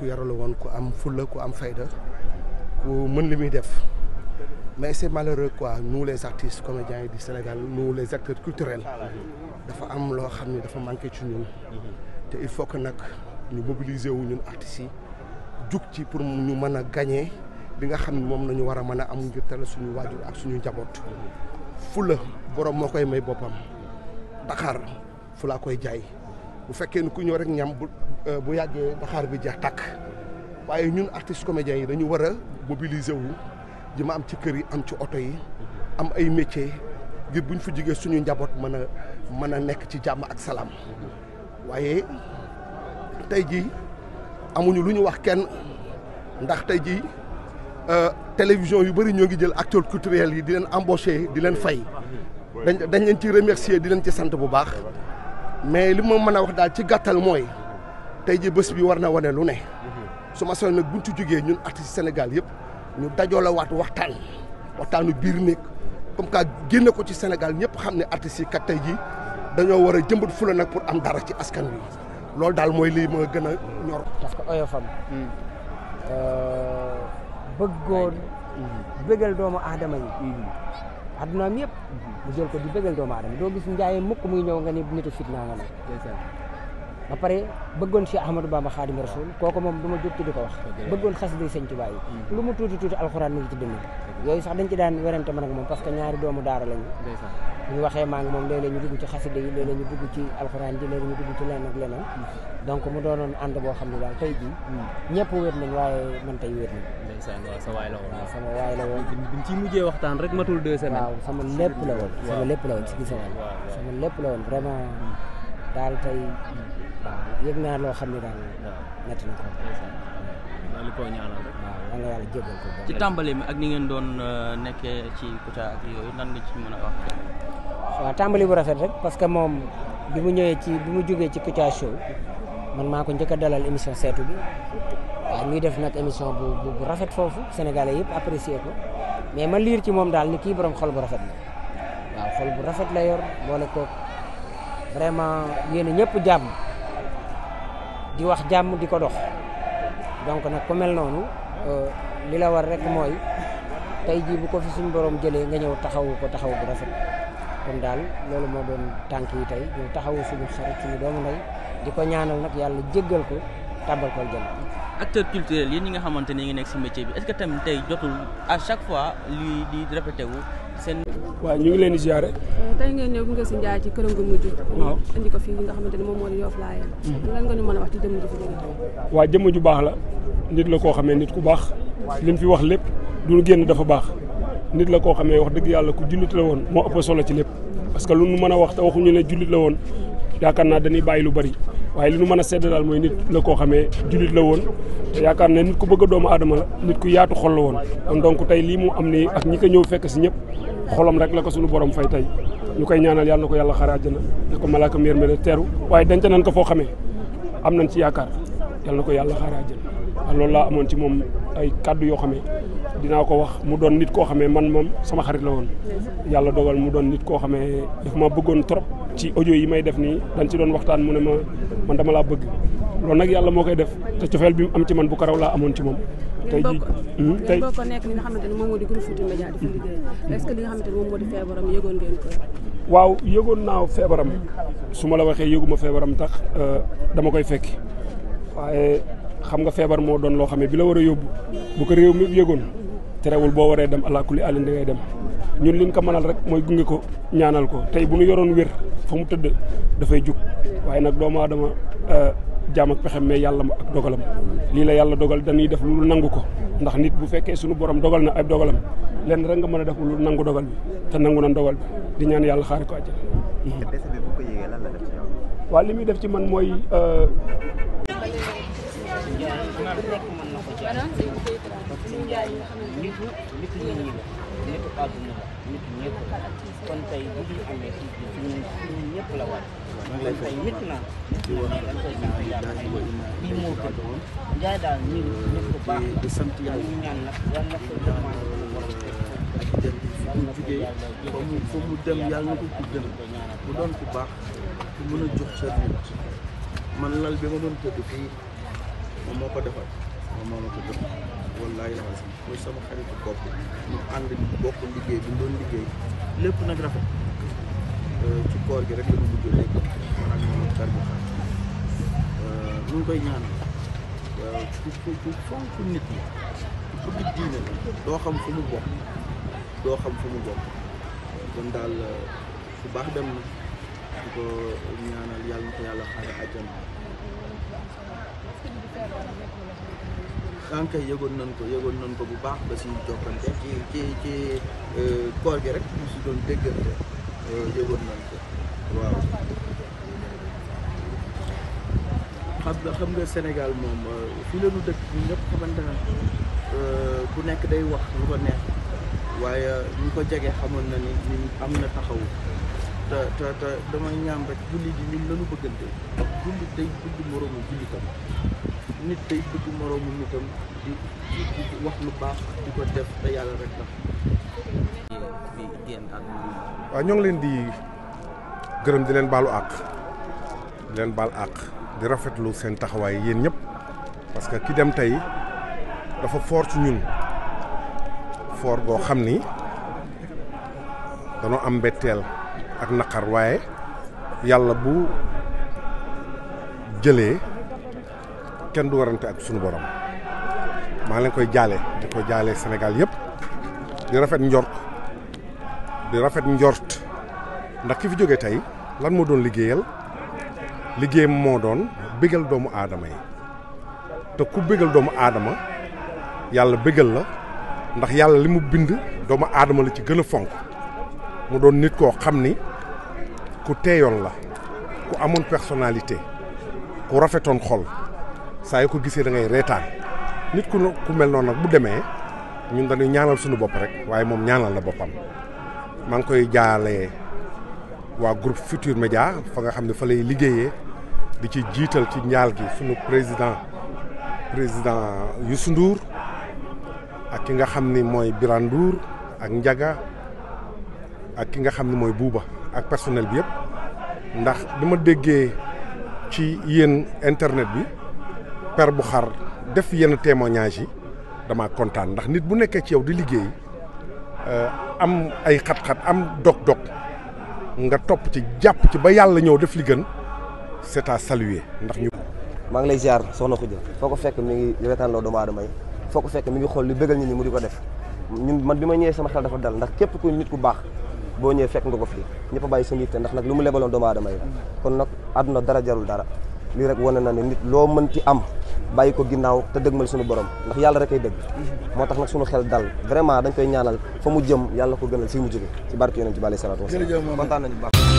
ku yarul woon ku am fulla ku am fayda ku mën li muy def mais c'est malheureux quoi nous les artistes comédiens yi di Sénégal nous les acteurs culturels dafa am loo xam ne dafa manqué ci ñun te il faut que nag ñu mobiliser wu ñun artistes yi jug ci pour ñu mën a gañe bi nga xam ne moom la ñu war a mën a am ngir teel suñu waajur ak suñu njaboot fulla borom moo koy may boppam Dakar fu laa koy jaay bu fekkee ni ku ñëw rek ñam bu euh, bu yàggee bi jeex tàkk waaye ñun artistes comédiens yi dañu war a mobiliser ji ma am ci kër yi am ci oto yi am ay métiers ngir buñ fa jigee suñu njaboot mën a mën a nekk ci jàmm ak salaam waaye tey jii amuñu lu ñu wax kenn ndax tey jii euh, télévision yu bari ñoo ngi jël acteurs culturels yi di leen embaucher di leen fay dañ dañ leen ci remercier di leen ci sant bu baax mais li ma mën a wax daal ci gàttal mooy tey ji bés bi war na wane lu ne su ma soxla nag buñ ci jógee ñun artiste Sénégal yëpp ñu dajoo la waxtaan waxtaanu biir nekk comme que génne ko ci Sénégal ñëpp xam ne artistes yi kat tey jii dañoo war a jëmbat fula nag pour am dara ci askan wi loolu daal mooy lii ma gën a ñor. parce que oyofam. Euh, bëggoon. bëggal doomu aadama yi. Mm-hmm. addunaam yëpp mhm. mu jël ko di bëggal doomu aadama doo gis njaayee mukk muy ñëw nga ni nitu fitna nga ne ba pare bëggoon Cheikh Ahmadou Bamba Xaadimu Rasul kooku moom du ma jóg di ko wax bëggoon xas bi sëñ Tuubaa yi mhm. lu mu tuuti tuuti alxuraan mi ngi ci dënn yooyu sax dañ ci daan werante man ak moom parce ñaari doomu daara lañu ñu waxee maa ngi moom léeg ñu dugg ci xasida yi léeg-léeg ñu dugg ci alxuraan ji léeg-léeg ñu dugg ci leneen ak leneen donc mu doonoon ànd boo xam ne daal tey jii hmm. ñëpp wér nañ waaye man tey wér nañ sa waay la woon waaw sama waay la waxtaan rek matul deux semaines waaw sama lépp la woon sama la woon si gis sama lépp la woon vraiment hmm. tey waaw yëg naa loo xam ne daal métti na ko waaw ñaanal rek waaw yàlla jégal ci tàmbali mi ak ni ngeen doon euh, nekkee ci Kouthia yooyu nan nga ci mën a wax waaw tàmbali bu rafet rek parce que moom bi mu ñëwee ci bi mu jógee ci Kouthia Show man maa ko njëkk a dalal émission seetu bi waaw ñuy def nag émission bu bu rafet foofu sénégalais yëpp apprécier ko mais ma liir ci moom daal ni kii borom xol bu rafet la waaw bu rafet la yor boole ko vraiment yéen ñëpp jàmm di wax jàmm di ko dox donc nag ku mel noonu euh, li la war rek mooy tey jii bu ko fi suñu borom jëlee nga ñëw taxawu ko taxaw bu rafet. kon daal loolu moo doon tànk yi tey ñu taxawu suñu xarit suñu doomu ndey di ko ñaanal nag yàlla jéggal ko tàbbal ko jëm. acteur culturel yéen ñi nga xamante ne ngi nekk si métier bi est-ce tamit tey jotul à chaque fois lii di répété wu seen. waaw ñu ngi leen di ziare. Euh, tey ngeen ñëw bu nga si Ndiaye ci këram gu mujj. waaw indi ko fii nga xamante ne moom moo di Yoff Layeen. Mhm. lan nga ñu mën a wax ci jëmm ju baax la nit la koo xamee nit ku baax li mu fi wax lépp du génn dafa baax. nit la koo xam ne wax dëgg yàlla ku jullit la woon moo ëpp solo ci lépp parce lu nu mën a wax te waxuñu ne jullit la woon yaakaar naa dañuy bàyyi lu bari waaye li nu mën a sedd daal mooy nit la koo xamee jullit la woon te yaakaar ne ku bëgg doomu aadama la nit ku yaatu xol la woon kon donc tey lii mu am nii ak ñi ko ñëw fekk si ñëpp xolam rek la ko suñu boroom fay tey ñu koy ñaanal yàlla na ko yàlla xare àjjana na ko malaaka miir mi teeru waaye denc nañ ko foo xamee am nañ ci yaakaar yal na ko yàlla xaaraa jël waaw loolu laa amoon ci moom ay kàddu yoo xam ne dinaa ko wax mu doon nit koo xamee man moom sama xarit la woon yàlla dogal mu doon nit koo xamee dafa ma bëggoon trop ci audio yi may def nii dañ ci doon waxtaan mu ne ma man dama laa bëgg loolu nag yàlla moo koy def te cofeel bi mu am ci man bu ko raw laa amoon ci moom tey jii hmm? hmm. ko waaw yëgoon naa feebaram su ma la waxee yëguma feebaram tax euh, dama koy fekki waaye xam nga feebar moo doon loo xam ne bi la war a yóbbu bu ko réew mi yëgoon terewul boo waree dem allah kulli alin da ngay dem ñun li liñ ko mënal rek mooy gunge ko ñaanal ko tey bu ñu yoroon wér fa mu tëdd dafay jug waaye nag doomu adama euh, jaam ak pexem mais yàlla ma ak dogalam lii la yàlla dogal dañuy def lu nangu ko ndax nit bu fekkee sunu borom dogal na ay dogalam lenn rek nga mën a deful lu nangu dogal bi te nangu na dogal bi di ñaan yàlla xaari ko man mooy. Euh, nitu nit la nitu àdduna la nitu ñëpp la kon tey bu amee ci suñu suñu ñëpp la war kon koy sant yàlla ay lii moo la ñu ñaan nag yal na ko bu mu jugee fa mu dem yàlla na ko guddal mu doon ku baax ku mën a jox sa nit man lal bi ma doon tëdd fii moom moo ko defal moom moo ko defal wallaay la si muy sama xaritu bopp ñu ànd bokk liggéey bi doon liggéey lépp nag rafet euh, ci koor gi rek la mu mujj léegi man euh, koy ñaan euh, ku ku ku nit ñi ku bëgg diine la doo xam fu mu bokk doo xam fu mu bokk kon fu baax dem na di ko ñaanal yàlla na ko danga koy yëgoon nañ ko yëgoon nañ ko bu baax ba si jokkante ci ci ci euh, koor gi rek ñu si doon déggante euh, yëgoon nañ ko waaw xam moom euh, fii la ñu dëkk ñu nekk day wax lu ko neex ko jege xamoon na ni ni am na taxawu te te te damay ñaan rek julli di ñun lañu bëggante julli day bëgg moroomu jullitam nit yàlla rek la. ñoo ngi leen di gërëm di leen baalu àq di leen baal di rafetlu seen taxawaay yéen ñëpp parce que ki dem tey dafa foor ci ñun foor boo xam ni danoo am mbetteel ak naqar waaye yàlla bu jëlee. kenn du warante ak suñu borom maa leen koy jaale di ko jaale Sénégal yëpp di rafet njort di rafet njort ndax ki fi jógee tey lan moo doon liggéeyal liggéeyam moo doon bégal doomu aadama yi te ku bégal doomu aadama yàlla bégal la ndax yàlla li mu bind doomu aadama la ci gën a fonk mu doon nit koo xam ni ku teeyoon la ku amoon personnalité ku rafetoon xol saa yu ko gisee da ngay reetaan nit ku ku mel noonu nag bu demee ñun dañuy ñaanal suñu bopp rek waaye moom ñaanal na boppam maa ngi koy jaalee waa groupe Futur Média fa nga xam ne fa lay liggéeyee di ci jiital ci njaal gi suñu président président Youssou Ndour ak ki nga xam ni mooy Birane ak njaga ak ki nga xam ni mooy Bouba ak personnel bi yëpp ndax bi ma déggee ci yéen internet bi per bu xar def yenn témoignage yi dama kontaan ndax nit bu nekkee ci yow di liggéey euh, am ay xat-xat am dog-dog nga topp ci jàpp ci ba yàlla ñëw def li gën c'est à saluer ndax ñu. maa ngi lay ziar soxna Khoudia foo ko fekk mi ngi wetaan loo doomu aadama yi ko fekk mi ngi xool lu bëggal nit mu di ko def ñun man bi ma ñëwee sama xel dafa dal ndax képp ku nit ku baax boo ñëwee fekk nga ko fi ñëpp a bàyyi sa yitte ndax nag lu mu lebaloon doomu aadama yi kon nag àdduna dara jarul dara lii rek wane na ne nit loo mënti am. bàyyi ko ginnaaw te dëgmal suñu borom ndax yàlla rek ay dëgg moo tax nag suñu xel dal vraiment dañ koy ñaanal fa mu jëm yàlla ko gënal fii mu jóge ci barke yonent bi alayhi salaatu wasalaam